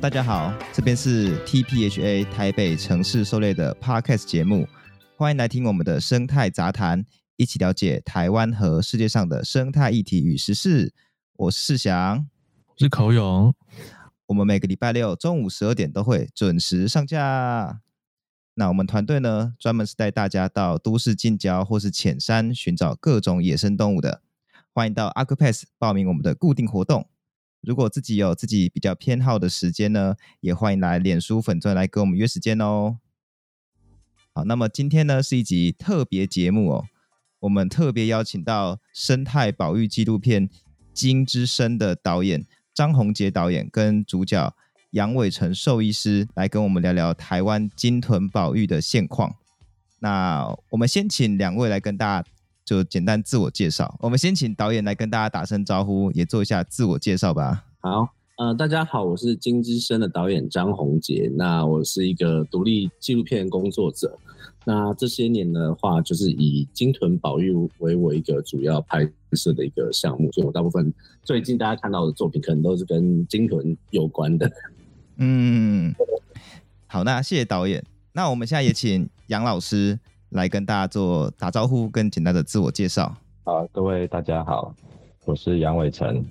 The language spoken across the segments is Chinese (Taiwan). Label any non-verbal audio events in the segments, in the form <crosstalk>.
大家好，這邊是 TPHA 台北城市狩獵的 Podcast 節目，歡迎來聽我們的生態雜談，一起了解台灣和世界上的生態議題與時事。我是世祥，是口勇。我們每個禮拜六中午十二點都會準時上架。那我們團隊呢，專門是帶大家到都市近郊或是淺山尋找各種野生動物的，歡迎到 Accupass 報名我們的固定活動。如果自己有自己比較偏好的時間呢，也歡迎來臉書粉鑽來跟我們約時間哦。好，那麼今天呢是一集特別節目哦，我們特別邀請到生態保育紀錄片《鯨之聲》的導演張宏杰導演跟主角楊偉成獸醫師來跟我們聊聊台灣鯨豚保育的現況。那我們先請兩位來跟大家。就簡單自我介紹，我們先請導演來跟大家打聲招呼，也做一下自我介紹吧。好，呃，大家好，我是鯨之聲的導演張宏杰。那我是一個獨立紀錄片工作者。那這些年的話，就是以鯨豚保育為我一個主要拍攝的一個項目，所以我大部分最近大家看到的作品，可能都是跟鯨豚有關的。嗯，好，那謝謝導演。那我們現在也請楊老師。來跟大家做打招呼跟簡單的自我介紹。好，啊，各位大家好，我是楊偉成。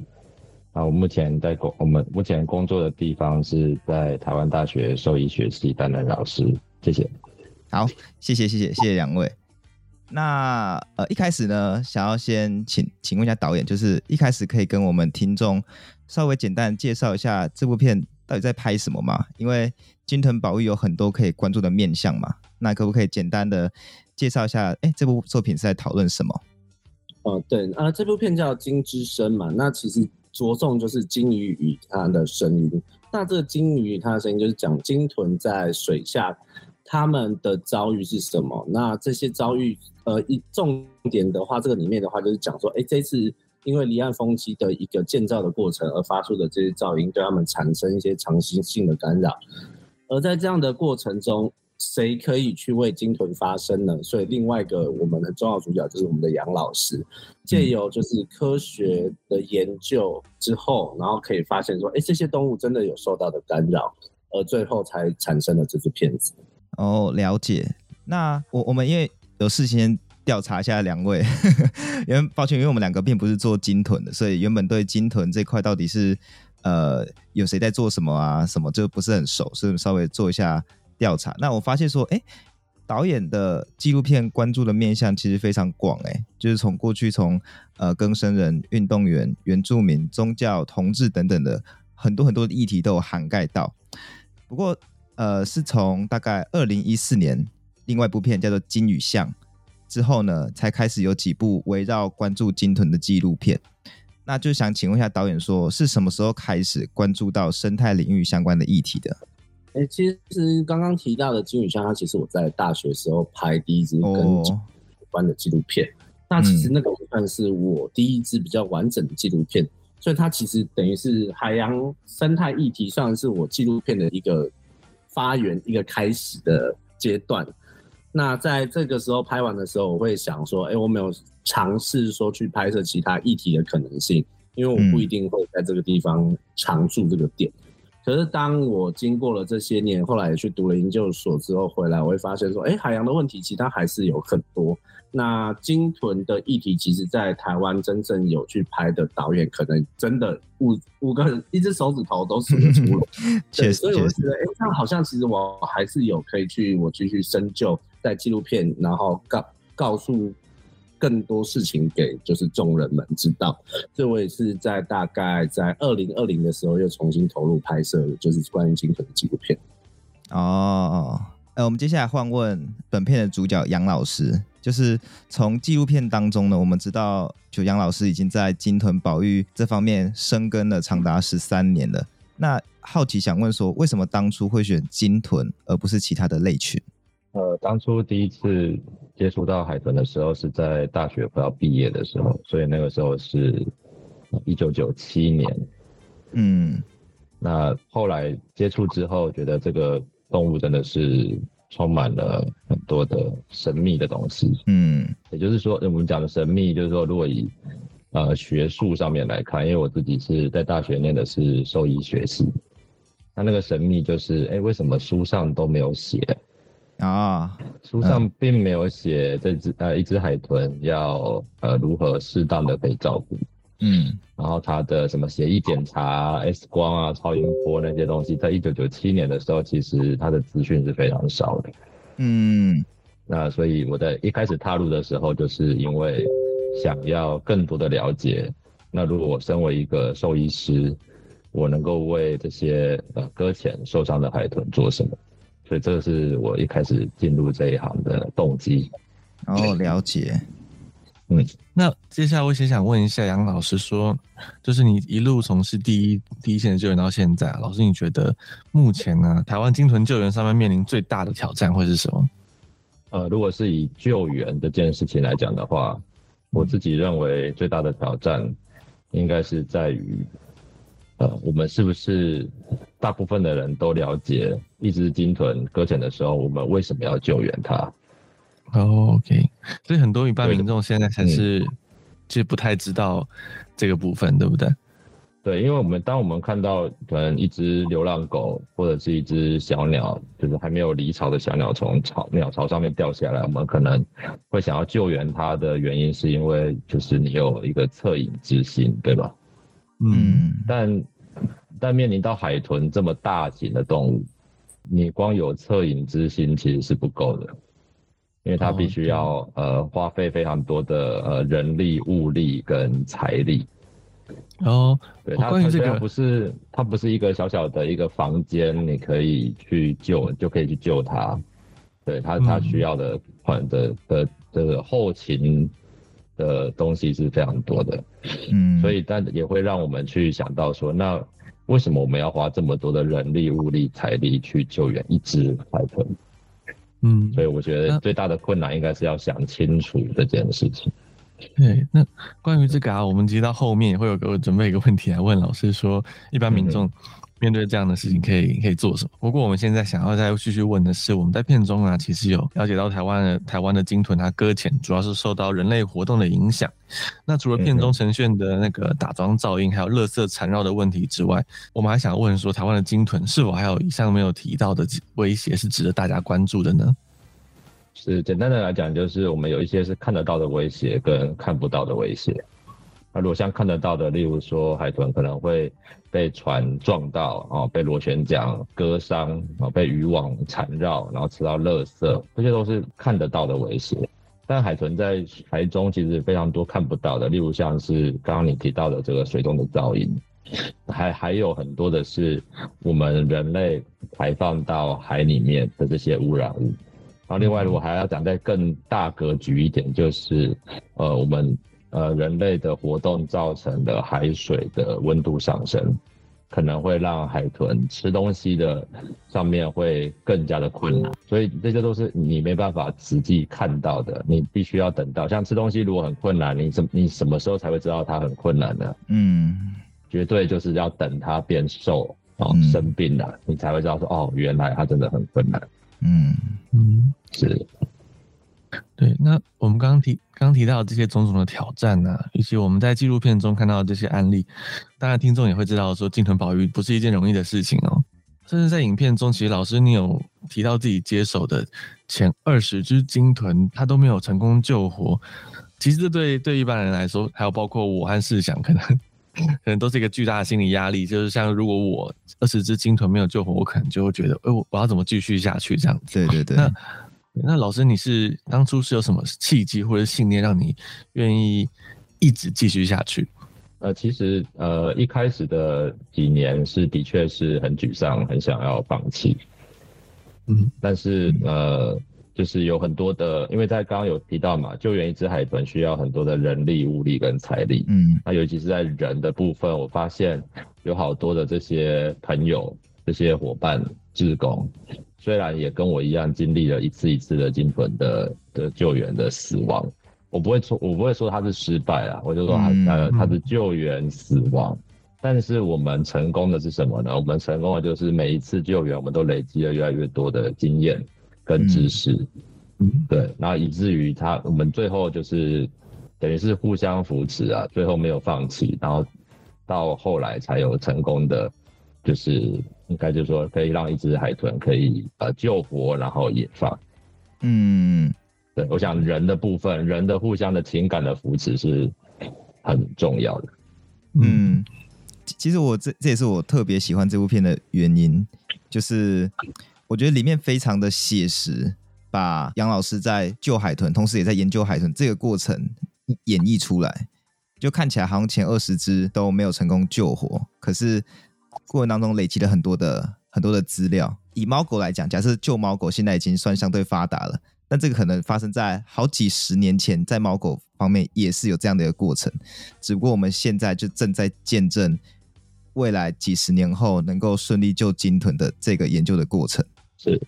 啊，我目前在工，我們目前工作的地方是在臺灣大學獸醫學系擔任老師。謝謝。好，謝謝謝謝謝謝兩位。那呃一開始呢，想要先請請問一下導演，就是一開始可以跟我們聽眾稍微簡單介紹一下這部片到底在拍什麼嗎？因為鯨豚保育有很多可以關注的面向嘛。那可不可以簡單的介紹一下？哎，這部作品是在討論什麼？哦、呃，對啊、呃，這部片叫《鯨之聲》嘛。那其實着重就是鯨魚與它的聲音。那這個鯨魚它的聲音就是講鯨豚在水下它們的遭遇是什麼？那這些遭遇，呃，一重點的話，這個裡面的話就是講說，哎，這次因為離岸風機的一個建造的過程而發出的這些噪音，對它們產生一些長期性的干擾。而在這樣的過程中，誰可以去為鯨豚發聲呢？所以另外一個我們的重要的主角就是我們的楊老師，借由就是科學的研究之後，然後可以發現說，哎，這些動物真的有受到的干擾，而最後才產生了這支片子。哦，了解。那我我們因為有事先調查一下兩位， <laughs> 原抱歉，因為我們兩個並不是做鯨豚的，所以原本對鯨豚這塊到底是呃有誰在做什麼啊，什麼就不是很熟，所以稍微做一下調查。那我發現說，哎，導演的紀錄片關注的面向其實非常廣，誒，就是從過去從呃，更生人、運動員、原住民、宗教、同志等等的很多很多議題都有涵蓋到。不過，呃，是從大概二零一四年，另外一部片叫做《金與象》之後呢，才開始有幾部圍繞關注鯨豚的紀錄片。那就想請問一下導演說，說是什麼時候開始關注到生態領域相關的議題的？誒、欸，其實剛剛提到的金宇箱，它，其實我在大學時候拍第一支跟有關的紀錄片。Oh. 那其實那個算是我第一支比較完整的紀錄片，嗯、所以它其實等於是海洋生態議題，算是我紀錄片的一個發源、一個開始的階段。那在這個時候拍完的時候，我會想說，哎、欸，我沒有嘗試說去拍攝其他議題的可能性，因為我不一定會在這個地方常駐這個點。嗯可是當我經過了這些年，後來也去讀了研究所之後回來，我會發現說，哎、欸，海洋的問題，其他還是有很多。那鯨豚的議題，其實在台灣真正有去拍的導演，可能真的五五個人，一隻手指頭都數得出了。確實。所以我就覺得，哎、欸，這樣好像其實我還是有可以去，我繼續深究，在紀錄片，然後告告訴。更多事情給就是眾人們知道，這位是在大概在二零二零的時候又重新投入拍攝的，就是關於鯨豚的紀錄片。哦，哎、呃，我們接下來換問本片的主角楊老師，就是從紀錄片當中呢，我們知道，就楊老師已經在鯨豚保育這方面深耕了長達十三年了。那好奇想問說，為什麼當初會選鯨豚而不是其他的類群？呃，當初第一次接觸到海豚的時候是在大學快要畢業的時候，所以那個時候是一九九七年。嗯，那後來接觸之後，覺得這個動物真的是充滿了很多的神秘的東西。嗯，也就是說，嗯，我們講的神秘，就是說如果以呃學術上面來看，因為我自己是在大學念的是獸醫學系，那那個神秘就是，哎，欸，為什麼書上都沒有寫？啊，oh, uh, 書上並沒有寫這只呃一只海豚要呃如何適當的被照顧，嗯，然後它的什麼血液檢查、啊、X 光啊、超音波那些東西，在一九九七年的時候，其實它的資訊是非常少的，嗯，那所以我在一開始踏入的時候，就是因為想要更多的了解，那如果我身為一個獸醫師，我能夠為這些呃擱淺受傷的海豚做什麼？所以這是我一開始進入這一行的動機。哦，了解。嗯，那接下來我想問一下楊老師說，說就是你一路從事第一第一線的救援到現在啊，老師你覺得目前啊，台灣鯨豚救援上面面臨最大的挑戰會是什麼？呃，如果是以救援這件事情來講的話，我自己認為最大的挑戰應該是在於。呃，我們是不是大部分的人都了解，一只鯨豚擱淺的時候，我們為什麼要救援它？Oh, okay. 所以很多一般民眾現在才是就不太知道這個部分，對不對？對，因為我們當我們看到可能一只流浪狗，或者是一只小鳥，就是還沒有離巢的小鳥從巢鳥巢上面掉下來，我們可能會想要救援它的原因，是因為就是你有一個惻隱之心，對吧？嗯,嗯，但。但面臨到海豚這麼大型的動物，你光有惻隱之心其實是不夠的，因為它必須要、oh、呃花費非常多的呃人力物力跟財力。哦，oh、對，它肯定不是它不是一個小小的一個房間，你可以去救就可以去救它。對，它它需要的款的的，的，的後勤的東西是非常多的。嗯，oh、所以但也會讓我們去想到說那。為什麼我們要花這麼多的人力、物力、財力去救援一隻海豚？嗯，所以我覺得最大的困難應該是要想清楚這件事情。對，那關於這個啊，我們其實到後面也會有給我準備一個問題來問老師說，說一般民眾、嗯。面對這樣的事情，可以可以做什麼？不過我們現在想要再繼續問的是，我們在片中啊，其實有了解到台灣的台灣的鯨豚它擱淺，主要是受到人類活動的影響。那除了片中呈現的那個打樁噪音，還有垃圾纏繞的問題之外，我們還想問說，台灣的鯨豚是否還有以上沒有提到的威脅是值得大家關注的呢？是簡單的來講，就是我們有一些是看得到的威脅，跟看不到的威脅。那如果像看得到的，例如說海豚可能會被船撞到啊、哦，被螺旋槳割傷啊、哦，被漁網纏繞，然後吃到垃圾，這些都是看得到的威脅。但海豚在海中其實非常多看不到的，例如，像是剛剛你提到的這個水中的噪音，還還有很多的是我們人類排放到海裡面的這些污染物。然後另外我還要講再更大格局一點，就是、嗯、呃我們。呃，人類的活動造成的海水的溫度上升，可能會讓海豚吃東西的上面會更加的困難。所以這些都是你沒辦法實際看到的，你必須要等到像吃東西如果很困難，你什你什麼時候才會知道它很困難呢？嗯，絕對就是要等它變瘦，哦，嗯，生病了，你才會知道說哦，原來它真的很困難。嗯嗯。是。對，那我們剛剛提剛提到這些種種的挑戰呢、啊，以及我們在紀錄片中看到的這些案例，當然聽眾也會知道，說鯨豚保育不是一件容易的事情哦。甚至在影片中，其實老師你有提到自己接手的前二十隻鯨豚，他都沒有成功救活。其實對對一般人來說，還有包括我和試想，可能可能都是一個巨大的心理壓力。就是像如果我二十隻鯨豚沒有救活，我可能就會覺得，哎，我要怎麼繼續下去這樣子？對對對。那老師，你是當初是有什麼契機或者信念，讓你願意一直繼續下去？呃，其實呃，一開始的幾年是的確是很沮喪，很想要放棄。嗯。但是呃，就是有很多的，因為在剛剛有提到嘛，救援一隻海豚需要很多的人力、物力跟財力。嗯。那、啊、尤其是在人的部分，我發現有好多的這些朋友、這些夥伴、志工。雖然也跟我一樣經歷了一次一次的鯨豚的的救援的死亡，我不會說，我不會說他是失敗啊，我就說他他是救援死亡。嗯嗯、但是我們成功的是什麼呢？我們成功的就是每一次救援，我們都累積了越來越多的經驗跟知識。嗯，嗯對，那以至於他我們最後就是等於是互相扶持啊，最後沒有放棄，然後到後來才有成功的。就是應該就是說，可以讓一隻海豚可以呃救活，然後野放。嗯，對，我想人的部分，人的互相的情感的扶持是很重要的。嗯，其實我這這也是我特別喜歡這部片的原因，就是我覺得裡面非常的寫實，把楊老師在救海豚，同時也在研究海豚這個過程演繹出來，就看起來好像前二十隻都沒有成功救活，可是，過程當中累積了很多的很多的資料。以貓狗來講，假設救貓狗現在已經算相對發達了，但這個可能發生在好幾十年前，在貓狗方面也是有這樣的一個過程。只不過我們現在就正在見證未來幾十年後能夠順利救鯨豚的這個研究的過程。是。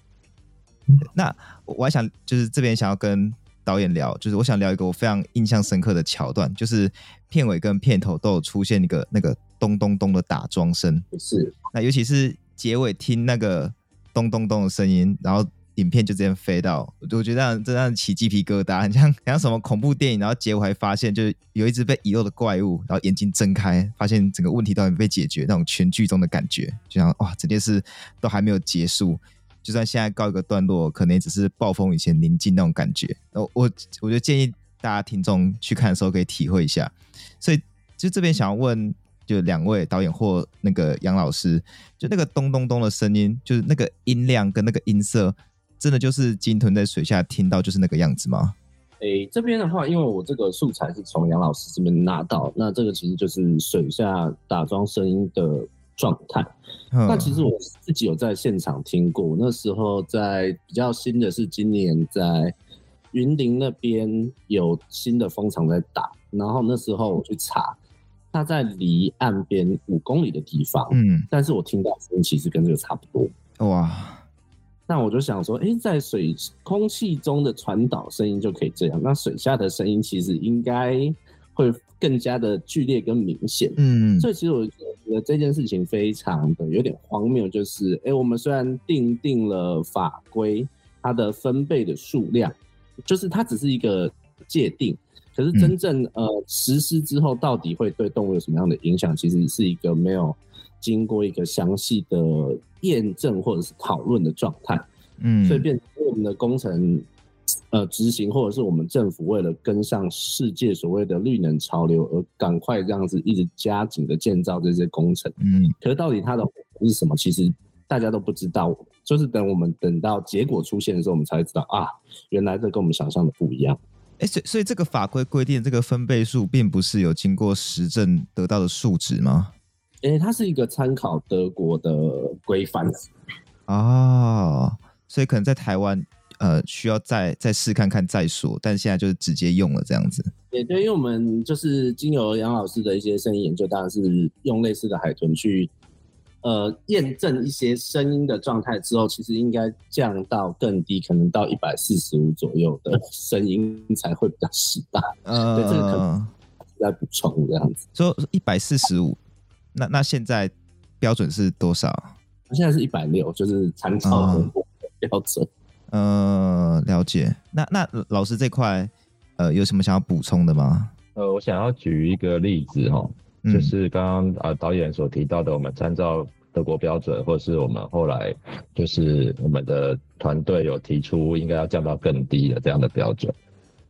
那我還想就是這邊想要跟導演聊，就是我想聊一個我非常印象深刻的橋段，就是片尾跟片頭都有出現一個那個。咚咚咚的打樁聲是，那尤其是結尾聽那個咚咚咚的聲音，然後影片就這樣飛到，我就覺得這樣，就這樣起雞皮疙瘩，很像很像什麼恐怖電影，然後結尾還發現就有一隻被遺漏的怪物，然後眼睛睜開，發現整個問題都還沒被解決，那種全劇終的感覺，就像哇，這件事都還沒有結束，就算現在告一個段落，可能也只是暴風雨前寧靜那種感覺。我我我就建議大家聽眾去看的時候可以體會一下，所以就這邊想要問。就兩位導演或那個楊老師，就那個咚咚咚的聲音，就是那個音量跟那個音色，真的就是鯨豚在水下聽到就是那個樣子嗎？哎、欸，這邊的話，因為我這個素材是從楊老師這邊拿到，那這個其實就是水下打樁聲音的狀態。嗯、那其實我自己有在現場聽過，那時候在比較新的是今年在雲林那邊有新的風場在打，然後那時候我去查。嗯它在離岸邊五公里的地方，嗯，但是我聽到聲音其實跟這個差不多，哇！那我就想說，誒、欸，在水空氣中的傳導聲音就可以這樣，那水下的聲音其實應該會更加的劇烈跟明顯，嗯嗯。所以其實我覺得這件事情非常的有點荒謬，就是誒、欸，我們雖然訂定了法規，它的分貝的數量，就是它只是一個界定。可是真正、嗯、呃實施之後，到底會對動物有什麼樣的影響，其實是一個沒有經過一個詳細的驗證或者是討論的狀態。嗯，所以變成我們的工程呃執行，或者是我們政府為了跟上世界所謂的綠能潮流，而趕快這樣子一直加緊的建造這些工程。嗯，可是到底它的是什麼，其實大家都不知道。就是等我們等到結果出現的時候，我們才知道啊，原來這跟我們想象的不一樣。哎、欸，所以這個法規規定這個分貝數，並不是有經過實證得到的數值嗎？哎、欸，它是一個參考德國的規範哦，所以可能在台灣，呃，需要再再試看看再說。但現在就是直接用了這樣子。對、欸、對，因為我們就是經由楊老師的一些聲音研究，當然是用類似的海豚去，呃，驗證一些聲音的狀態之後，其實應該降到更低，可能到一百四十五左右的聲音才會比較適當。呃對，這個可能再補充這樣子。說一百四十五，那那現在標準是多少？現在是一百六，就是殘超的標準。呃，了解。那那老師這塊，呃，有什麼想要補充的嗎？呃，我想要舉一個例子哈、哦。就是剛剛啊導演所提到的，我們參照德國標準，嗯、或是我們後來就是我們的團隊有提出應該要降到更低的這樣的標準。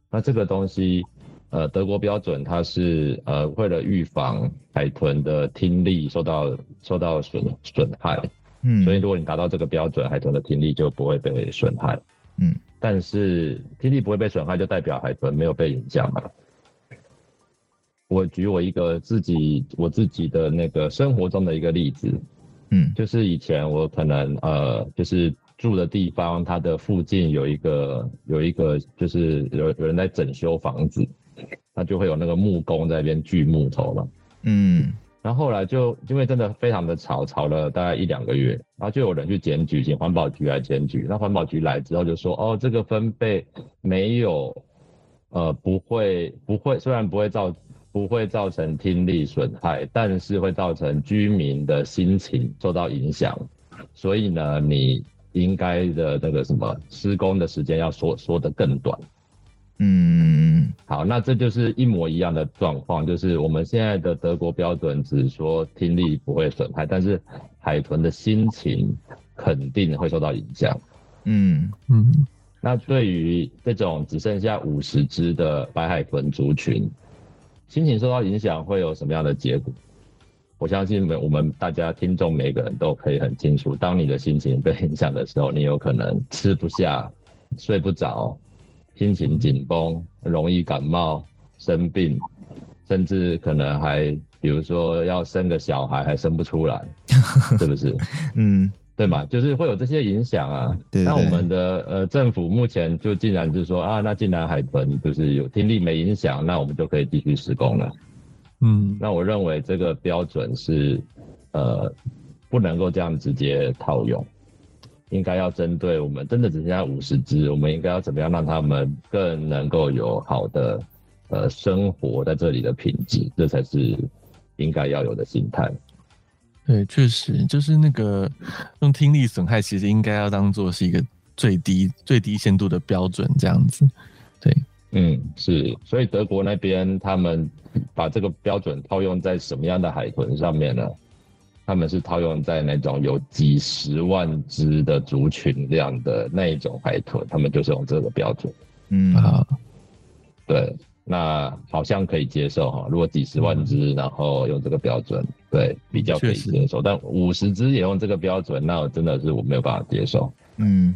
那這個東西，呃，德國標準它是呃為了預防海豚的聽力受到受到損損害，嗯，所以如果你達到這個標準，海豚的聽力就不會被損害，嗯，但是聽力不會被損害就代表海豚沒有被影響嘛。我舉我一個自己我自己的那個生活中的一個例子，嗯，就是以前我可能呃就是住的地方，它的附近有一個有一個就是有有人在整修房子，那就會有那個木工在那邊鋸木頭嘛，嗯，然後後來就因為真的非常的吵，吵了大概一兩個月，然後就有人去檢舉，請環保局來檢舉，那環保局來之後就說哦這個分貝沒有，呃不會不會，雖然不會造。不會造成聽力損害，但是會造成居民的心情受到影響。所以呢，你應該的那個什麼施工的時間要縮縮得更短。嗯，好，那這就是一模一樣的狀況，就是我們現在的德國標準只說聽力不會損害，但是海豚的心情肯定會受到影響。嗯。嗯嗯，那對於這種只剩下五十只的白海豚族群。心情受到影響會有什麼樣的結果？我相信每我們大家聽眾每個人都可以很清楚，當你的心情被影響的時候，你有可能吃不下、睡不着、心情緊繃、容易感冒、生病，甚至可能還比如說要生個小孩還生不出來， <laughs> 是不是？嗯。對嘛，就是會有這些影響啊。對對。那我們的呃政府目前就竟然就是說啊，那既然海豚就是有聽力沒影響，那我們就可以繼續施工了。嗯，那我認為這個標準是呃不能夠這樣直接套用，應該要針對我們真的只剩下五十隻，我們應該要怎麼樣讓他們更能夠有好的呃生活在這裡的品質，這才是應該要有的心態。對，確實就是那個用聽力損害，其實應該要當做是一個最低最低限度的標準這樣子。對，嗯，是。所以德國那邊他們把這個標準套用在什麼樣的海豚上面呢？他們是套用在那種有幾十萬隻的族群量的那一種海豚，他們就是用這個標準。嗯啊，好，對。那好像可以接受哈，如果幾十萬隻，然後用這個標準，嗯、對，比較可以接受，確實。但五十隻也用這個標準，那我真的是我沒有辦法接受。嗯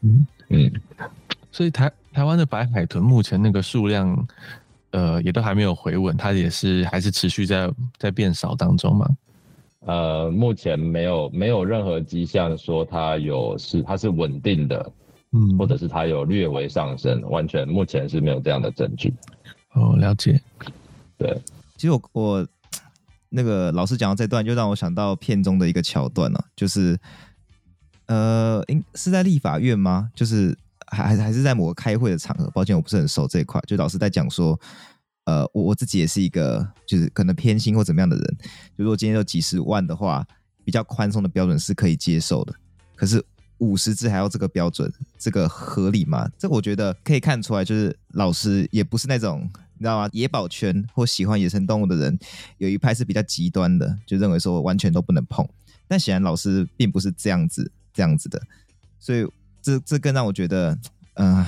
嗯嗯，嗯嗯，所以台台灣的白海豚目前那個數量，呃，也都還沒有回穩，它也是還是持續在在變少當中嘛。呃，目前沒有沒有任何跡象說它有是它是穩定的，嗯，或者是它有略微上升，完全目前是沒有這樣的證據。哦，了解。對，其實我我那個老師講的這段，就讓我想到片中的一個橋段了。啊，就是呃，應是在立法院嗎？就是還還還是在某個開會的場合。抱歉，我不是很熟這一塊。就老師在講說，呃，我我自己也是一個就是可能偏心或怎麼樣的人。就如果今天有幾十萬的話，比較寬鬆的標準是可以接受的。可是，五十隻還要這個標準，這個合理嗎？這我覺得可以看出來，就是老師也不是那種。你知道嗎？野保圈或喜歡野生動物的人，有一派是比較極端的，就認為說完全都不能碰。但顯然老師並不是這樣子，這樣子的。所以這這更讓我覺得，嗯、呃，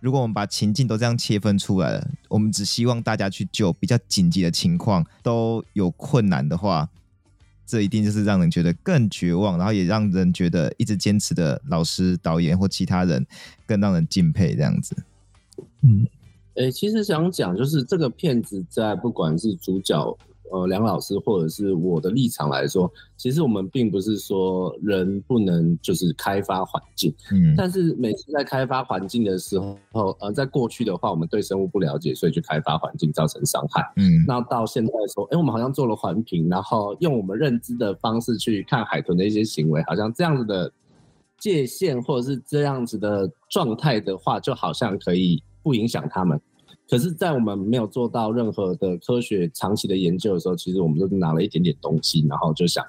如果我們把情境都這樣切分出來了，我們只希望大家去救比較緊急的情況，都有困難的話，這一定就是讓人覺得更絕望，然後也讓人覺得一直堅持的老師、導演或其他人更讓人敬佩。這樣子，嗯。哎、欸，其實想講就是這個片子，在不管是主角呃梁老師，或者是我的立場來說，其實我們並不是說人不能就是開發環境，嗯，但是每次在開發環境的時候，呃，在過去的話，我們對生物不了解，所以去開發環境造成傷害，嗯，那到現在說，哎、欸，我們好像做了環評，然後用我們認知的方式去看海豚的一些行為，好像這樣子的界限或者是這樣子的狀態的話，就好像可以不影響他們。可是，在我們沒有做到任何的科學長期的研究的時候，其實我們就拿了一點點東西，然後就想，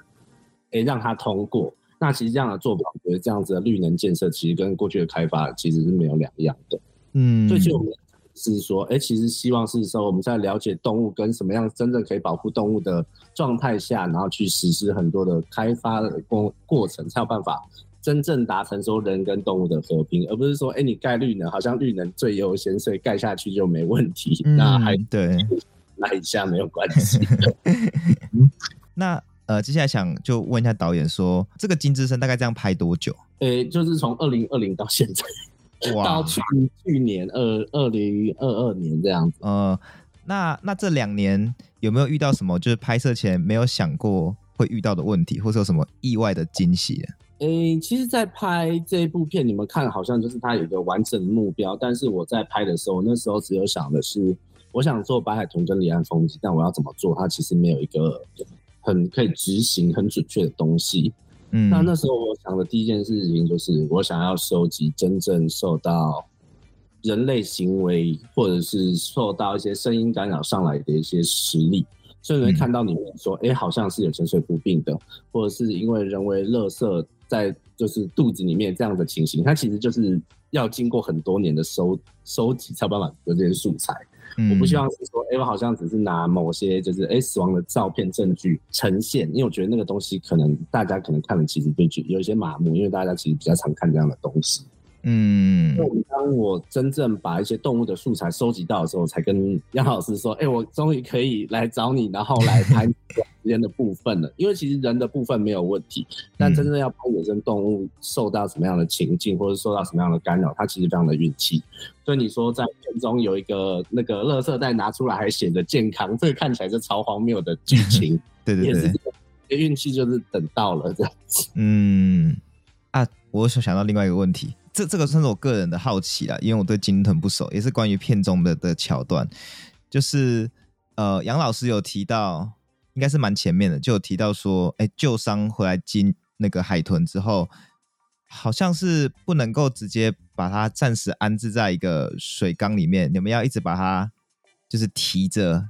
欸，讓它通過。那其實這樣的做法，我覺得這樣子的綠能建設，其實跟過去的開發其實是沒有兩樣的。嗯，所以我們是說，欸，其實希望是說我們在了解動物跟什麼樣真正可以保護動物的狀態下，然後去實施很多的開發的工過程，才有辦法。真正達成說人跟動物的和平，而不是說，哎、欸，你蓋綠能，好像綠能最優先，所以蓋下去就沒問題。嗯、那還對，那一下沒有關係。那呃，接下來想就問一下導演說，說這個鯨之聲大概這樣拍多久？呃、欸，就是從二零二零到現在，哇到去去年二二零二二年這樣子。呃，那那這兩年有沒有遇到什麼就是拍攝前沒有想過會遇到的問題，或是有什麼意外的驚喜？誒、欸，其實，在拍這一部片，你們看好像就是他有一個完整的目標，但是我在拍的時候，那時候只有想的是，我想做白海豚跟離岸風機，但我要怎麼做？它其實沒有一個很可以執行、很準確的東西。嗯，那那時候我想的第一件事情就是，我想要收集真正受到人類行為或者是受到一些聲音干擾上來的一些實例，所以你會看到你們說，誒、嗯欸、好像是有潛水夫病的，或者是因為人為垃圾。在就是肚子裡面這樣的情形，它其實就是要經過很多年的收收集，才有辦法有這些素材。嗯、我不希望是說，哎、欸，我好像只是拿某些就是哎、欸、死亡的照片證據呈現，因為我覺得那個東西可能大家可能看了其實對，就有一些麻木，因為大家其實比較常看這樣的東西。嗯，那我當我真正把一些動物的素材收集到的時候，才跟楊老師說：“哎、欸，我終於可以來找你，然後來拍你的部分了。” <laughs> 因為其實人的部分沒有問題，但真正要拍野生動物受到什麼樣的情境，嗯、或者受到什麼樣的干擾，它其實非常的運氣。所以你說在片中有一個那個垃圾袋拿出來還顯得健康，這個看起來是超荒謬的劇情。 <laughs> 對對對，運氣就是等到了這樣子。嗯，啊，我想到另外一個問題。這這個算是我個人的好奇啦，因為我對鯨豚不熟，也是關於片中的的橋段，就是呃楊老師有提到，應該是蠻前面的，就有提到說，哎、欸，救傷回來鯨那個海豚之後，好像是不能夠直接把它暫時安置在一個水缸裡面，你們要一直把它就是提着，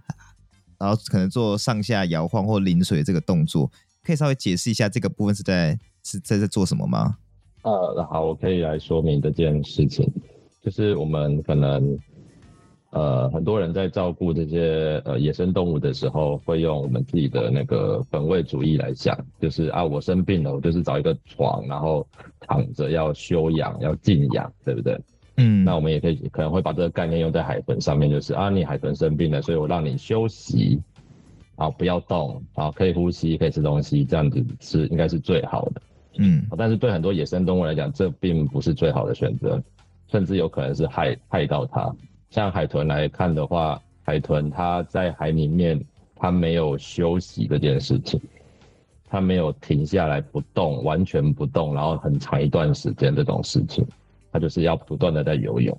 然後可能做上下搖晃或淋水這個動作，可以稍微解釋一下這個部分是在是在在做什麼嗎？呃，好，我可以來說明這件事情，就是我們可能，呃，很多人在照顧這些呃野生動物的時候，會用我們自己的那個本位主義來講，就是啊，我生病了，我就是找一個床，然後躺着要休養，要靜養，對不對？嗯。那我們也可以可能會把這個概念用在海豚上面，就是啊，你海豚生病了，所以我讓你休息，好、啊，不要動，好、啊，可以呼吸，可以吃東西，這樣子是應該是最好的。嗯，但是對很多野生動物來講，這並不是最好的選擇，甚至有可能是害害到它。像海豚來看的話，海豚它在海裡面，它沒有休息這件事情，它沒有停下來不動，完全不動，然後很長一段時間這種事情，它就是要不斷的在游泳，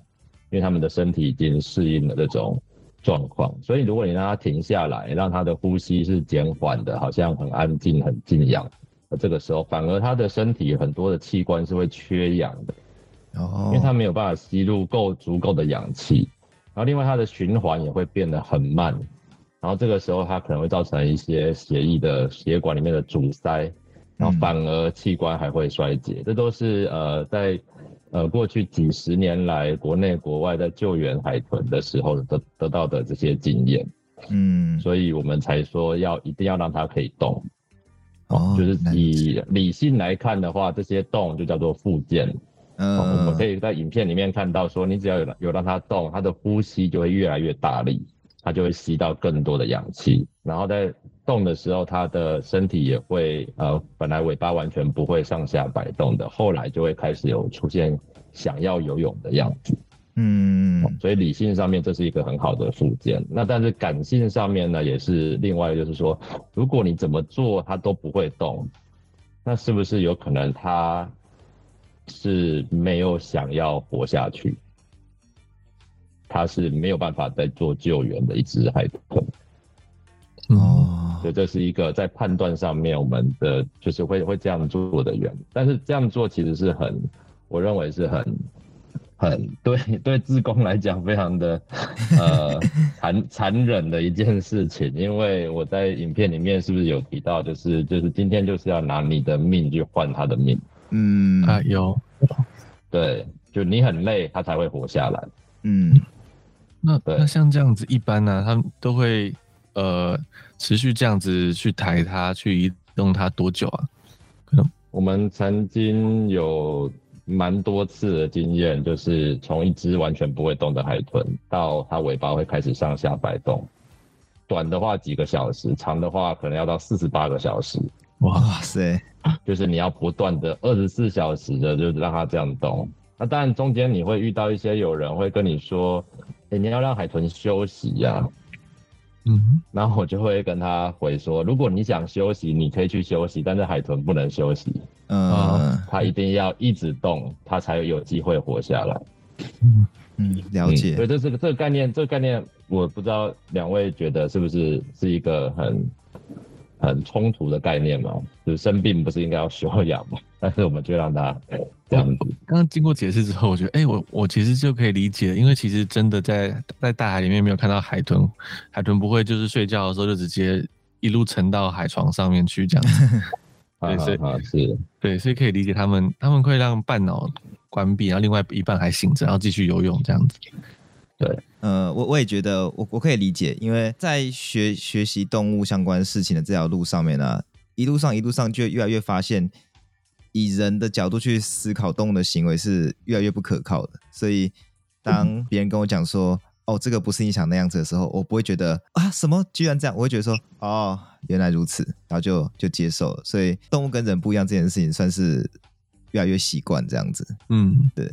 因為他們的身體已經適應了這種狀況。所以如果你讓它停下來，讓它的呼吸是減緩的，好像很安靜、很靜養。這個時候，反而他的身體很多的器官是會缺氧的。哦，oh. 因為他沒有辦法吸入夠足夠的氧氣，然後另外他的循環也會變得很慢，然後這個時候他可能會造成一些血液的血管裡面的阻塞，然後反而器官還會衰竭。嗯，這都是呃在呃過去幾十年來國內國外在救援海豚的時候得得到的這些經驗，嗯，所以我們才說要一定要讓他可以動。Oh, 就是以理性來看的話，這些動就叫做復健。嗯、uh 哦，我們可以在影片裡面看到，說你只要有有讓它動，它的呼吸就會越來越大力，它就會吸到更多的氧氣。然後在動的時候，它的身體也會，呃，本來尾巴完全不會上下擺動的，後來就會開始有出現想要游泳的樣子。嗯，所以理性上面這是一個很好的附件。那但是感性上面呢，也是另外，就是說，如果你怎麼做它都不會動，那是不是有可能它是沒有想要活下去？它是沒有辦法再做救援的一只海豚。哦，所以這是一個在判斷上面我們的就是會會這樣做的原因。但是這樣做其實是很，我認為是很。對、嗯、對，志工來講，非常的呃殘殘忍的一件事情。因為我在影片裡面是不是有提到，就是就是今天就是要拿你的命去換他的命？嗯啊，有對，就你很累，他才會活下來。嗯，那對那像這樣子，一般呢、啊，他們都會呃持續這樣子去抬他、去移動他多久啊？可能我們曾經有。蠻多次的經驗，就是從一隻完全不會動的海豚，到它尾巴會開始上下擺動。短的話幾個小時，長的話可能要到四十八個小時。哇塞！就是你要不斷的二十四小時的，就是讓它這樣動。那當然中間你會遇到一些有人會跟你說：“欸，你要讓海豚休息呀。”嗯，然後我就會跟他回說，如果你想休息，你可以去休息，但是海豚不能休息。呃、嗯，它一定要一直動，它才有機會活下來。嗯嗯，了解。嗯、對，這、就是這個概念，這個概念我不知道兩位覺得是不是是一個很。很衝突的概念嘛，就是生病不是應該要休養嘛？但是我們就讓他、欸、這樣子。剛剛經過解釋之後，我覺得，哎、欸，我我其實就可以理解，因為其實真的在在大海裡面沒有看到海豚，海豚不會就是睡覺的時候就直接一路沉到海床上面去這樣子。 <laughs> 對，是 <laughs> <laughs> 對，所以可以理解他們，他們會讓半腦關閉，然後另外一半還醒着，然後繼續游泳這樣子，對。呃，我我也覺得我，我我可以理解，因為在學學習動物相關事情的這條路上面呢、啊，一路上一路上就越來越發現，以人的角度去思考動物的行為是越來越不可靠的。所以，當別人跟我講說，嗯、哦，這個不是你想那樣子的時候，我不會覺得啊什麼居然這樣，我會覺得說，哦，原來如此，然後就就接受了。所以，動物跟人不一樣這件事情，算是越來越習慣這樣子。嗯，對。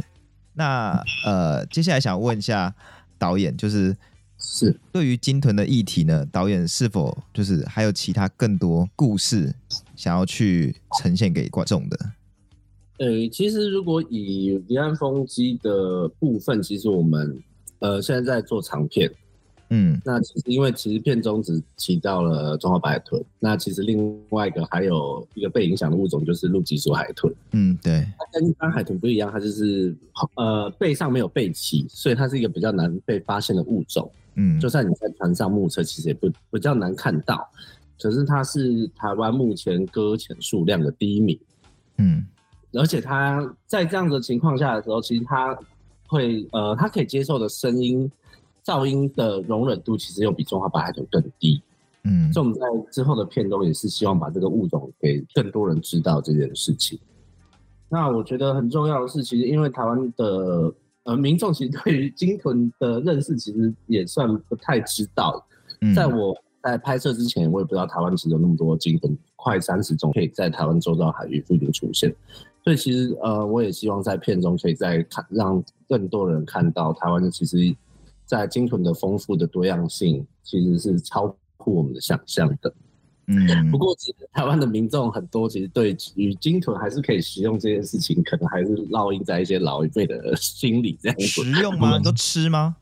那呃，接下來想問一下。導演就是是對於鯨豚的議題呢，是導演是否就是還有其他更多故事想要去呈現給觀眾的？誒，其實如果以離岸風機的部分，其實我們呃現在在做長片。嗯，那其實因為其實片中只提到了中華白海豚，那其實另外一個還有一個被影響的物種就是露脊鼠海豚。嗯，對，它跟一般海豚不一樣，它就是呃背上沒有背鰭，所以它是一個比較難被發現的物種。嗯，就算你在船上目測，其實也不比較難看到。可是它是台灣目前擱淺數量的第一名。嗯，而且它在這樣的情況下的時候，其實它會呃，它可以接受的聲音。噪音的容忍度其實又比中華白海豚更低，嗯，所以我們在之後的片中也是希望把這個物種給更多人知道這件事情。那我覺得很重要的是，其實因為台灣的呃民眾其實對於鯨豚的認識其實也算不太知道，嗯啊、在我在拍攝之前，我也不知道台灣其實有那麼多鯨豚，快三十種可以在台灣周遭海域附近出現，所以其實呃我也希望在片中可以再看讓更多人看到台灣的其實。在鯨豚的豐富的多樣性，其實是超乎我們想像的想象的。嗯，不過其實台灣的民眾很多，其實對於鯨豚還是可以食用這件事情，可能還是烙印在一些老一輩的心裡這樣。食用嗎？都吃嗎？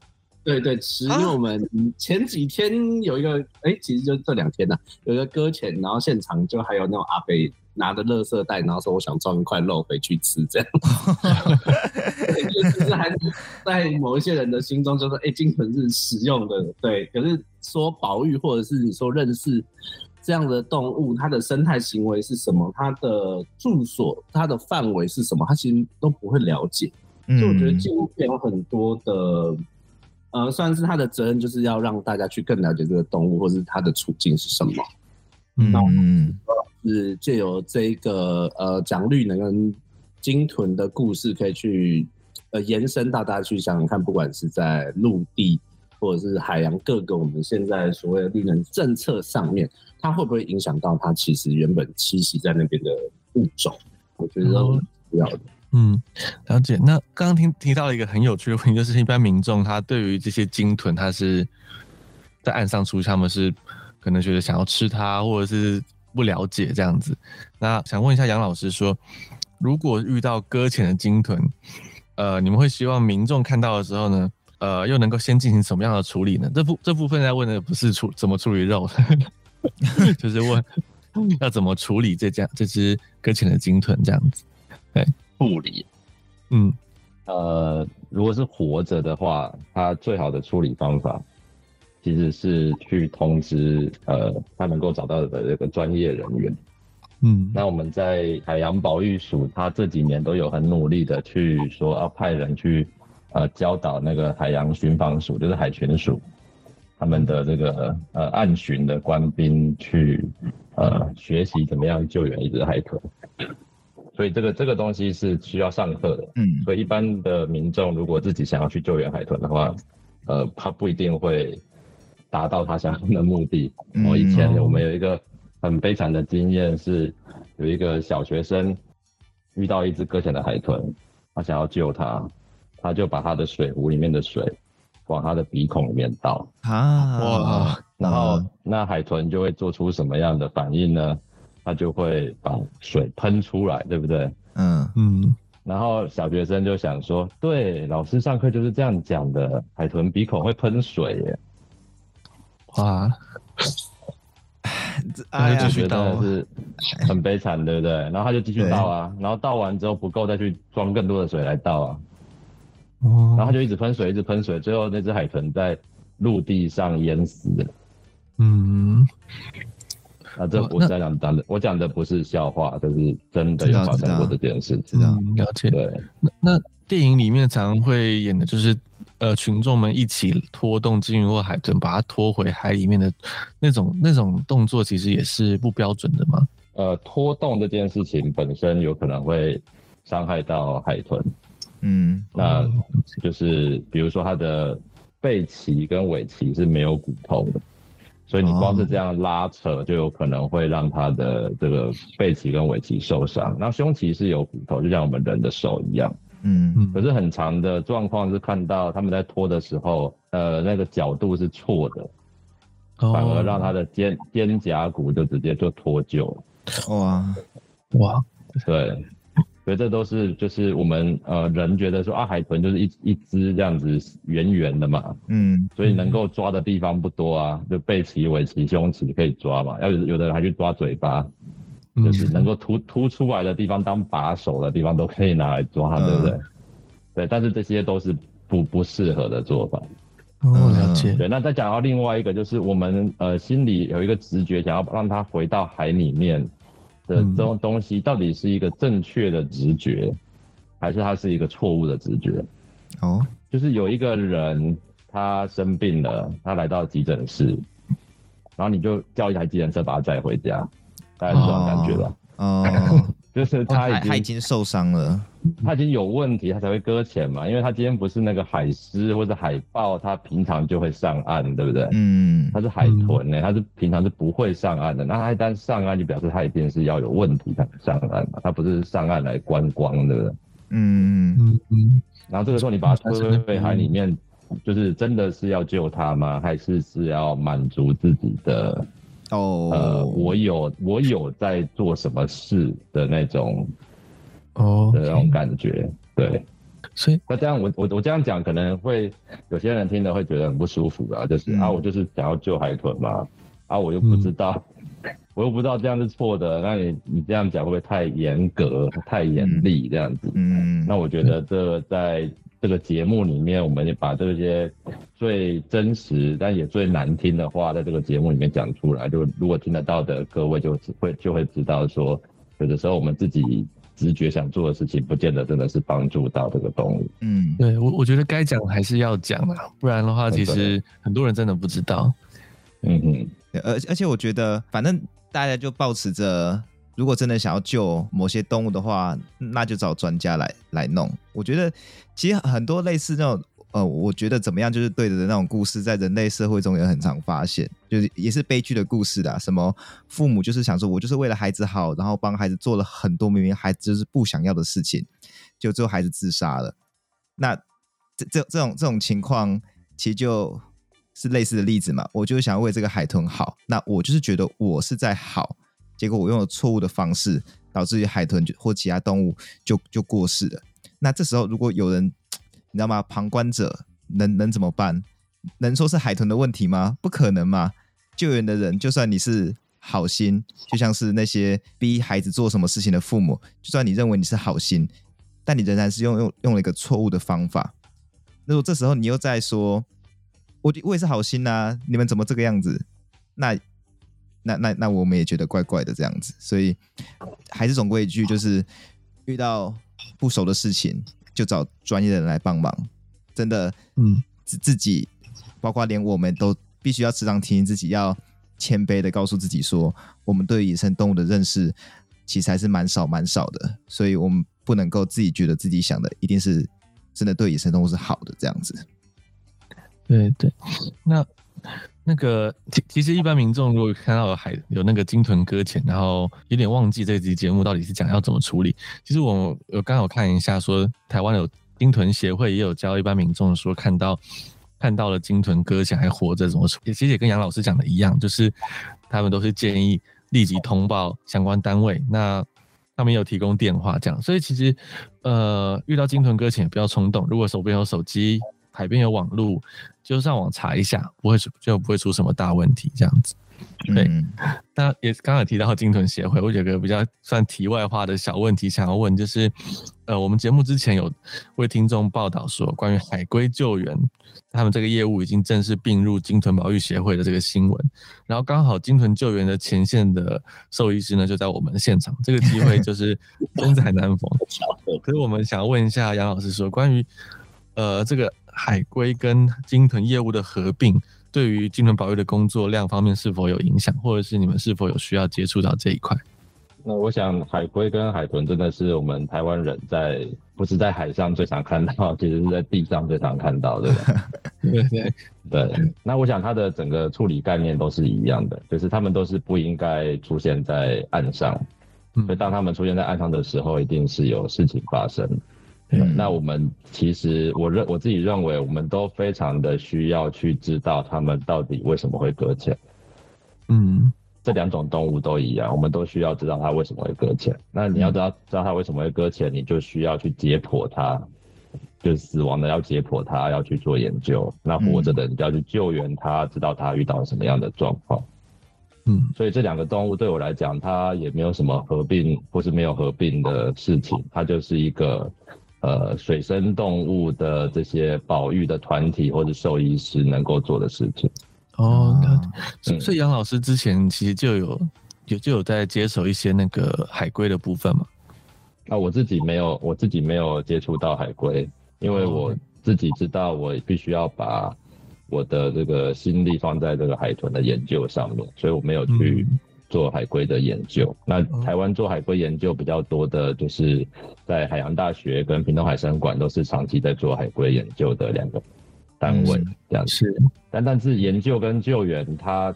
對對，吃。因為我們前幾天有一個，哎，其實就這兩天呢、啊，有一個擱淺，然後現場就還有那種阿飛，拿着垃圾袋，然後說我想裝一塊肉回去吃，這樣。 <laughs> <laughs> 這、就是、還是在某一些人的心中就，就是哎，鯨豚是食用的，對。可是說保育，或者是你說認識這樣的動物，它的生態行為是什麼？它的住所，它的範圍是什麼？它其實都不會了解。所以我覺得紀錄片有很多的，嗯、呃，算是它的責任，就是要讓大家去更了解這個動物，或者是它的處境是什麼。嗯，我就說。是借由這個呃，講綠能跟鯨豚的故事，可以去呃延伸到大家去想想看，不管是在陸地或者是海洋各個，我們現在所謂的綠能政策上面，它會不會影響到它其實原本棲息在那邊的物種？我覺得都重要的。嗯，了解。那剛剛聽提到一個很有趣的問題，就是一般民眾他對於這些鯨豚，他是在岸上出現，他們是可能覺得想要吃它，或者是。不了解，這樣子，那想問一下楊老師說，如果遇到擱淺的鯨豚，呃，你們會希望民眾看到的時候呢，呃，又能夠先進行什麼樣的處理呢？這部這部分在問的不是處怎麼處理肉， <laughs> 就是問要怎麼處理這家這隻擱淺的鯨豚這樣子，對，處理，嗯，嗯呃，如果是活着的話，它最好的處理方法，其實是去通知呃，他能夠找到的這個專業人員。嗯，那我們在海洋保育署，他這幾年都有很努力的去說要派人去呃教導那個海洋巡防署，就是海巡署他們的這個呃岸巡的官兵去呃學習怎麼樣救援一隻海豚。所以這個這個東西是需要上課的。嗯，所以一般的民眾如果自己想要去救援海豚的話，嗯、呃，他不一定會。達到他想要的目的。我、嗯、以前我們有一個很悲慘的經驗，是有一個小學生遇到一只擱淺的海豚，他想要救它，他就把他的水壺裡面的水往他的鼻孔裡面倒啊，然後，然後那海豚就會做出什麼樣的反應呢？它就會把水噴出來，對不對？嗯嗯。嗯，然後小學生就想說，對，老師上課就是這樣講的，海豚鼻孔會噴水耶。哇！哎，就覺得是很悲慘，對不對？然後他就繼續倒啊，然後倒完之後不夠，再去裝更多的水來倒啊。然後他就一直噴水，一直噴水，最後那隻海豚在陸地上淹死了。嗯。那這不是講當的，我講的不是笑話，這是真的有發生過的這件事。這樣、嗯、了解。對那。那電影裡面常常會演的就是。呃，群眾們一起拖動鯨魚或海豚，把它拖回海裡面的那種那種動作，其實也是不標準的嘛。呃，拖動這件事情本身有可能會傷害到海豚。嗯，那就是、嗯、比如說它的背鰭跟尾鰭是沒有骨頭的，所以你光是這樣拉扯，就有可能會讓它的這個背鰭跟尾鰭受傷。那胸鰭是有骨頭，就像我們人的手一樣。嗯，可是很常的狀況是看到他們在拖的時候，嗯、呃，那個角度是錯的，哦，、反而讓他的肩肩胛骨，就直接就脫臼。哇哇，對，所以這都是就是我們呃人覺得說啊，海豚就是一一只這樣子圓圓的嘛，嗯，所以能夠抓的地方不多啊，就背鰭、尾鰭、胸鰭可以抓嘛，要有有的人還去抓嘴巴。就是能夠突突出來的地方，當把手的地方都可以拿來抓，對不對？嗯、對，但是這些都是不不適合的做法。哦，了解。對，那再講到另外一個，就是我們呃心裡有一個直覺，想要讓它回到海裡面的這種東西，到底是一個正確的直覺，嗯、還是它是一個錯誤的直覺？哦，就是有一個人他生病了，他來到急診室，然後你就叫一台計程車把他載回家。大概是這種感覺吧。哦，就是他已經已、哦、經受傷了，他已經有問題，他才會擱淺嘛。因為他今天不是那個海獅或者海豹，他平常就會上岸，對不對？嗯，他是海豚呢、欸，他是平常是不會上岸的。那一旦上岸，就表示他一定是要有問題才能上岸嘛。他不是上岸來觀光，對不對？嗯嗯嗯。然後這個時候，你把他推回海裡面，就是真的是要救他嗎？還是是要滿足自己的？哦，oh. 呃，我有我有在做什麼事的那種，哦的那種感覺，oh. Okay. 對。所以那這樣我我我這樣講，可能會有些人聽了會覺得很不舒服啊。就是、嗯、啊，我就是想要救海豚嘛，啊，我又不知道，嗯、我又不知道這樣是錯的，那你你這樣講會不會太嚴格、太嚴厲這樣子？嗯，嗯那我覺得這個在這個節目裡面，我們也把這些。最真實但也最難聽的話，在這個節目裡面講出來，就如果聽得到的各位就，就會就會知道說，有的時候我們自己直覺想做的事情，不見得真的是幫助到這個動物。嗯，對我我覺得該講還是要講啊，不然的話，其實很多人真的不知道。嗯，而、嗯嗯、而且我覺得，反正大家就抱持著，如果真的想要救某些動物的話，那就找專家來來弄。我覺得，其實很多類似那種。呃，我覺得怎麼樣，就是對着的那種故事，在人類社會中也很常發現，就是也是悲劇的故事的，什麼父母就是想說，我就是為了孩子好，然後幫孩子做了很多明明孩子就是不想要的事情，就最後孩子自殺了。那這這這種這種情況，其實就是類似的例子嘛。我就是想要為這個海豚好，那我就是覺得我是在好，結果我用了錯誤的方式，導致於海豚或其他動物就就過世了。那這時候如果有人。你知道嗎？旁觀者能能怎麼辦？能說是海豚的問題嗎？不可能嘛！救援的人，就算你是好心，就像是那些逼孩子做什麼事情的父母，就算你認為你是好心，但你仍然是用用用了一個錯誤的方法。那如果這時候你又再說，我我也是好心啊，你們怎麼這個樣子？那那那那我們也覺得怪怪的這樣子，所以還是總歸一句，就是遇到不熟的事情，就找專業的人來幫忙，真的，嗯，自己，包括連我們都必須要時常提醒自己，要謙卑的告訴自己說，我們對野生動物的認識其實還是蠻少蠻少的，所以我們不能夠自己覺得自己想的一定是真的對野生動物是好的這樣子。對對，那。那個，其其實一般民眾如果看到海，有那個鯨豚擱淺，然後有點忘記這集節目到底是講要怎麼處理。其實我我剛好看一下說，說台灣有鯨豚協會也有教一般民眾說，看到看到了鯨豚擱淺還活着怎麼處理，其實也跟楊老師講的一樣，就是他們都是建議立即通報相關單位。那他們有提供電話這樣，所以其實呃遇到鯨豚擱淺也不要衝動，如果手邊有手機。海邊有網絡，就上網查一下，不會就不會出什麼大問題這樣子。對，嗯、但也剛剛提到鯨豚協會，我覺得比較算題外話的小問題，想要問就是，呃，我們節目之前有為聽眾報道說，關於海龜救援，他們這個業務已經正式併入鯨豚保育協會的這個新聞。然後剛好鯨豚救援的前線的獸醫師呢，就在我們的現場，這個機會就是千載難逢。 <laughs> 可是我們想要問一下楊老師說關於。呃，這個海龜跟鯨豚業務的合併，對於鯨豚保育的工作量方面是否有影響，或者是你們是否有需要接觸到這一塊？那我想，海龜跟海豚真的是我們台灣人在不是在海上最常看到，其實是在地上最常看到的。對對 <laughs> <laughs> 對。那我想，它的整個處理概念都是一樣的，就是他們都是不應該出現在岸上，所以當他們出現在岸上的時候，一定是有事情發生。嗯嗯、那我們其實，我認我自己認為，我們都非常的需要去知道他們到底為什麼會擱淺。嗯，這兩種動物都一樣，我們都需要知道它為什麼會擱淺。那你要知道、嗯、知道它為什麼會擱淺，你就需要去解剖它，就死亡的要解剖它，要去做研究；那活着的你就要去救援它，知道它遇到了什麼樣的狀況。嗯，所以這兩個動物對我來講，它也沒有什麼合併或是沒有合併的事情，它就是一個。呃，水生動物的這些保育的團體或者獸醫師能夠做的事情哦，那、Oh, right. 嗯、所以楊老師之前其實就有有就有在接手一些那個海龜的部分嘛？啊，我自己沒有，我自己沒有接觸到海龜，因為我自己知道我必須要把我的這個心力放在這個海豚的研究上面，所以我沒有去、嗯。做海龜的研究，那台灣做海龜研究比較多的，就是在海洋大學跟屏東海生館都是長期在做海龜研究的兩個單位，這樣是。是但但是研究跟救援它、它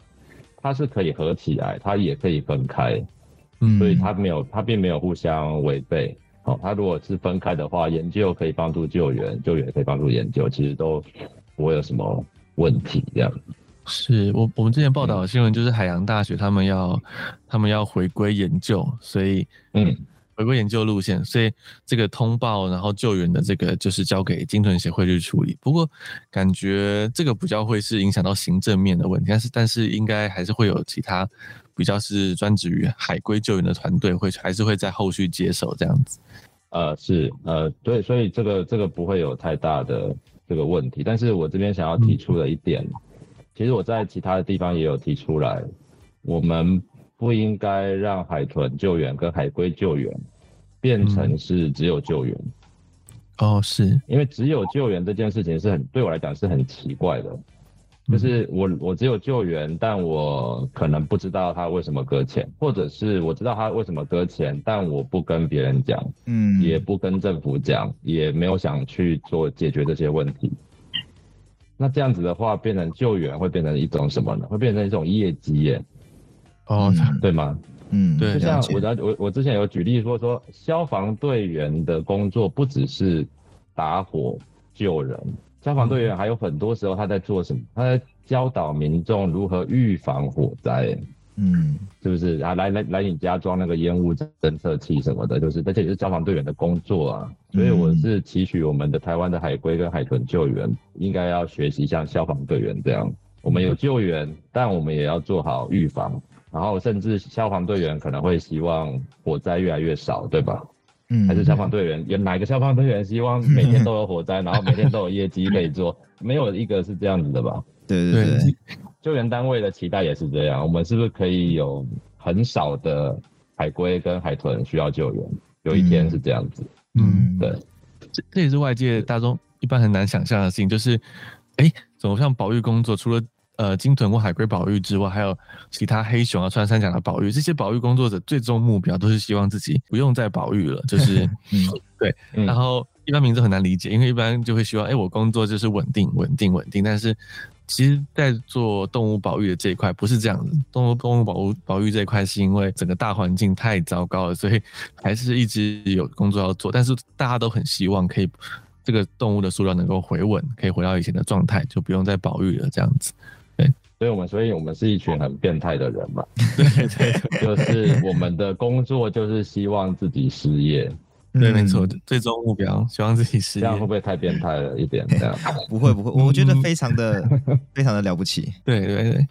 它是可以合起來，它也可以分開，嗯、所以它沒有，它並沒有互相違背。好、哦，它如果是分開的話，研究可以幫助救援，救援也可以幫助研究，其實都不會有什麼問題，這樣。是我我們之前報道的新聞就是海洋大學他們要、嗯、他們要回歸研究，所以嗯回歸研究路線，所以這個通報然後救援的這個就是交給鯨豚協會去處理。不過感覺這個比較會是影響到行政面的問題，但是但是應該還是會有其他比較是專職於海龜救援的團隊會還是會在後續接手這樣子。呃，是呃對，所以這個這個不會有太大的這個問題，但是我這邊想要提出的一點。嗯其實我在其他的地方也有提出來，我們不應該讓海豚救援跟海龜救援變成是只有救援。嗯、哦，是因為只有救援這件事情是很對我來講是很奇怪的，就是我、嗯、我只有救援，但我可能不知道它為什麼擱淺，或者是我知道它為什麼擱淺，但我不跟別人講，嗯，也不跟政府講，也沒有想去做解決這些問題。那這樣子的話，變成救援會變成一種什麼呢？會變成一種業績耶？哦、嗯，對嗎？嗯，對。就像我我我之前有舉例說說，消防隊員的工作不只是打火救人，消防隊員還有很多時候他在做什麼？嗯、他在教導民眾如何預防火災。嗯，是不是啊？來來來，來你家裝那個煙霧偵測器什麼的，就是，而且也是消防隊員的工作啊。所以我是期許我們的台灣的海龜跟海豚救援，應該要學習像消防隊員這樣。我們有救援，但我們也要做好預防。然後甚至消防隊員可能會希望火災越來越少，對吧？嗯。還是消防隊員有哪個消防隊員希望每天都有火災，嗯、然後每天都有業績可以做？ <laughs> 沒有一個是這樣子的吧？對對對，對。救援單位的期待也是這樣，我們是不是可以有很少的海龜跟海豚需要救援？嗯、有一天是這樣子，嗯，對，這這也是外界大眾一般很難想象的事情，就是，哎、欸，怎麼像保育工作，除了呃鯨豚或海龜保育之外，還有其他黑熊啊、穿山甲的保育，這些保育工作者最終目標都是希望自己不用再保育了，就是， <laughs> 嗯，對，嗯、然後。一般民眾很難理解，因為一般就會希望，哎、欸，我工作就是穩定、穩定、穩定。但是，其實在做動物保育的這一塊不是這樣子。動物、動物保育保育這一塊，是因為整個大環境太糟糕了，所以還是一直有工作要做。但是大家都很希望可以，這個動物的數量能夠回穩，可以回到以前的狀態，就不用再保育了這樣子。對，所以我們，所以我們是一群很變態的人嘛。 <laughs> <laughs> 對，對 <laughs> 就是我們的工作就是希望自己失業。對，嗯、沒錯，最終目標希望自己實現，這樣會不會太變態了一點？ <laughs> 這樣 <laughs> 不會不會，我覺得非常的 <laughs> 非常的了不起。 <laughs> 對對對，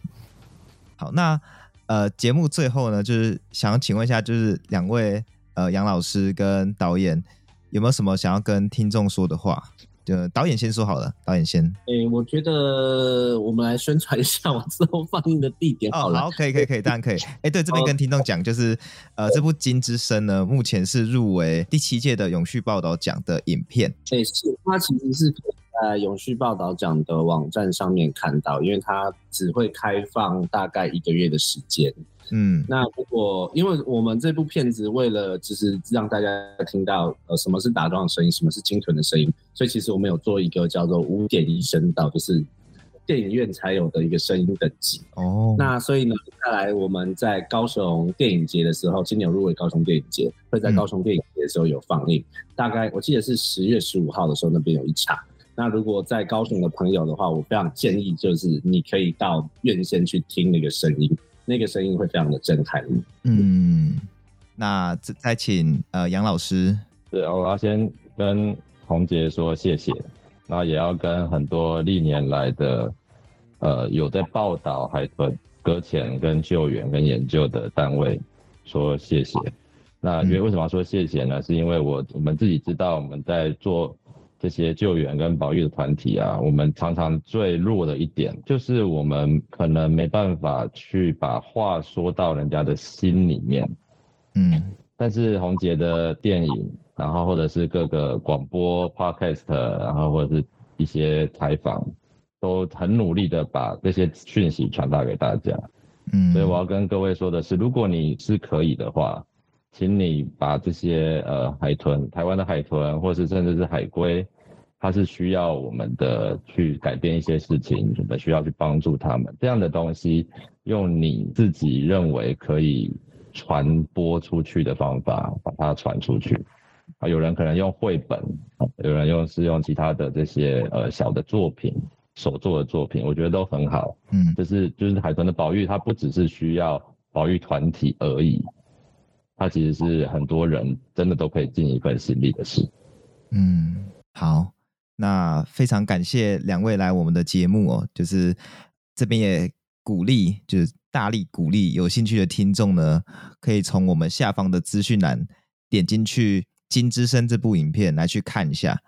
好，那呃，節目最後呢，就是想要請問一下，就是兩位呃，楊老師跟導演有沒有什麼想要跟聽眾說的話？就導演先說好了，導演先。哎，我覺得我們來宣傳一下，我之後放映的地點好了、哦，好，可以，可以，可以，當然可以。哎、欸，對，這邊跟聽眾講，哦、就是呃，這部《鯨之聲》呢，對目前是入圍第七屆的永續報導獎的影片。對，是，它其實是可以在永續報導獎的網站上面看到，因為它只會開放大概一個月的時間。嗯，那如果，因為我們這部片子為了就是讓大家聽到呃什麼是打樁的聲音，什麼是鯨豚的聲音，所以其實我們有做一個叫做五點一聲道，就是電影院才有的一個聲音等級。哦，那所以呢，接下來我們在高雄電影節的時候，今年有入圍高雄電影節，會在高雄電影節的時候有放映。嗯、大概我記得是十月十五號的時候，那邊有一場。那如果在高雄的朋友的話，我非常建議就是你可以到院線去聽那個聲音。那個聲音會非常的震撼。嗯，那再請呃楊老師，對，我要先跟洪杰說謝謝，然後也要跟很多歷年來的呃有在報道海豚擱淺、跟救援、跟研究的單位說謝謝。那因為為什麼要說謝謝呢？是因為我我們自己知道我們在做。這些救援跟保育的團體啊，我們常常最弱的一點就是我們可能沒辦法去把話說到人家的心裡面，嗯，但是紅杰的電影，然後或者是各個廣播、podcast，然後或者是一些採訪，都很努力的把這些訊息傳達給大家，嗯，所以我要跟各位說的是，如果你是可以的話，請你把這些呃海豚、台灣的海豚，或是甚至是海龜。它是需要我們的去改變一些事情，我們需要去幫助他們這樣的東西，用你自己認為可以傳播出去的方法把它傳出去。啊，有人可能用繪本，有人用是用其他的這些呃小的作品手作的作品，我覺得都很好。嗯，就是就是海豚的保育，它不只是需要保育團體而已，它其實是很多人真的都可以盡一份心力的事。嗯，好。那非常感謝兩位來我們的節目哦，就是這邊也鼓勵，就是大力鼓勵有興趣的聽眾呢，可以從我們下方的資訊欄點進去《鯨之聲》這部影片來去看一下。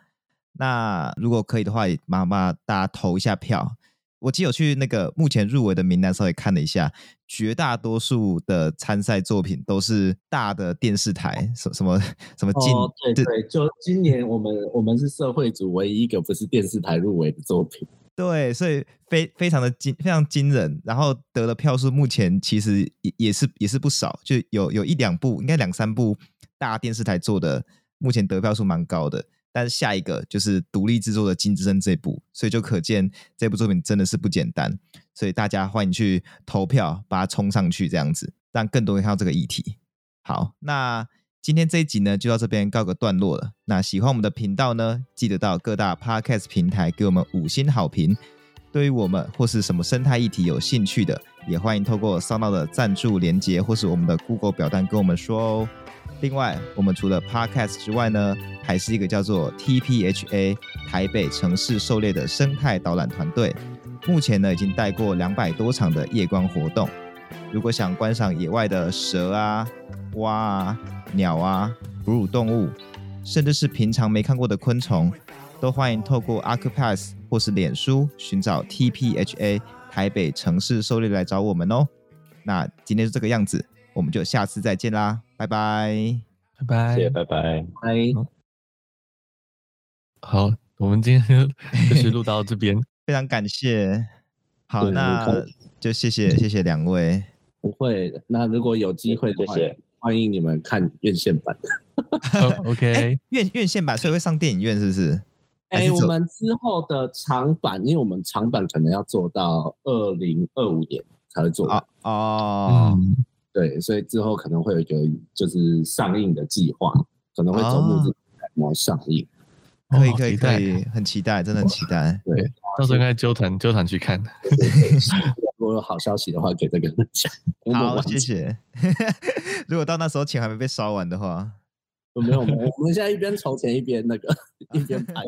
那如果可以的話，也麻煩大家投一下票。我記得有去那個目前入圍的名單稍微看了一下，絕大多數的參賽作品都是大的電視台，什麼什麼什麼金，對對，就今年我們我們是社會組唯一一個不是電視台入圍的作品，對，所以非非常的驚非常驚人，然後得的票數，目前其實也也是也是不少，就有有一兩部，應該兩三部大電視台做的，目前得票數蠻高的。但是下一個就是獨立製作的《鯨之聲》這部，所以就可見這部作品真的是不簡單。所以大家歡迎去投票，把它衝上去這樣子，讓更多人看到這個議題。好，那今天這一集呢，就到這邊告個段落了。那喜歡我們的頻道呢，記得到各大 Podcast 平台給我們五星好評。對於我們或是什麼生態議題有興趣的，也歡迎透過 SoundOn 的贊助連結或是我們的 Google 表單跟我們說哦。另外，我們除了 Podcast 之外呢，還是一個叫做 TPHA 台北城市狩獵的生態導覽團隊。目前呢，已經帶過兩百多場的夜觀活動。如果想觀賞野外的蛇啊、蛙啊、鳥啊、哺乳動物，甚至是平常沒看過的昆蟲，都歡迎透過 Accupass 或是臉書尋找 TPHA 台北城市狩獵來找我們哦。那今天是這個樣子。我們就下次再見啦，拜拜，拜拜，謝、謝拜拜，拜、拜。好，我們今天就錄到這邊， <laughs> 非常感謝。好，那、嗯、就謝謝，嗯、謝謝兩位。不會。那如果有機會，的話歡迎你們看院線版的。 <laughs> oh, OK、欸、院院線版，所以會上電影院是不是？欸、是我們之後的長版，因為我們長版可能要做到二零二五年才會做啊。啊。嗯對，所以之後可能會有一個就是上映的計劃，可能會走路子來上映。可以可以可以，很期待，真的很期待。對，到時候應該揪團揪團去看。如果有好消息的話，給這個講。好，謝謝。如果到那時候錢還沒被燒完的話，沒有沒有，我們現在一邊籌錢一邊那個一邊拍。